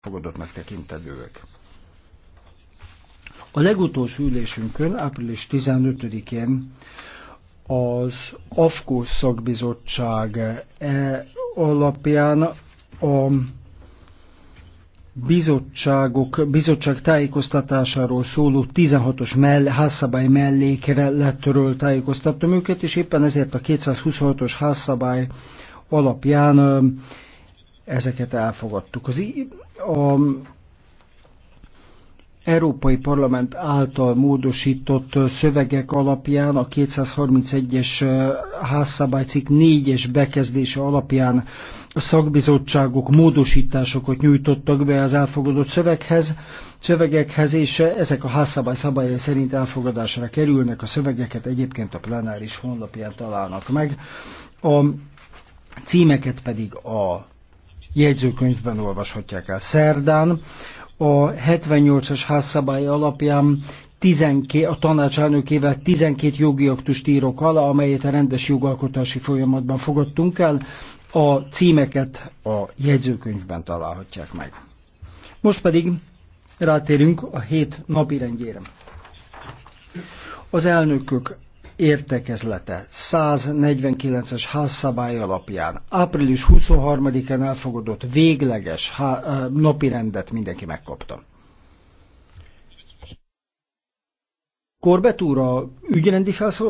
fogadottnak tekintetőek. A legutolsó ülésünkön, április 15-én az AFKO szakbizottság e alapján a bizottságok, bizottság tájékoztatásáról szóló 16-os mell, házszabály mellékre lettről tájékoztattam őket, és éppen ezért a 226-os házszabály alapján ezeket elfogadtuk. Az, a Európai Parlament által módosított szövegek alapján a 231-es házszabálycik 4-es bekezdése alapján a szakbizottságok módosításokat nyújtottak be az elfogadott szöveghez, szövegekhez, és ezek a házszabály szabályai szerint elfogadásra kerülnek, a szövegeket egyébként a plenáris honlapján találnak meg. A címeket pedig a jegyzőkönyvben olvashatják el. Szerdán a 78-as házszabály alapján 12, a tanács elnökével 12 jogi aktust írok alá, amelyet a rendes jogalkotási folyamatban fogadtunk el. A címeket a jegyzőkönyvben találhatják meg. Most pedig rátérünk a hét napirendjére. Az elnökök értekezlete 149-es házszabály alapján április 23-án elfogadott végleges napi rendet mindenki megkapta. Korbet úr, a ügyrendi felszól?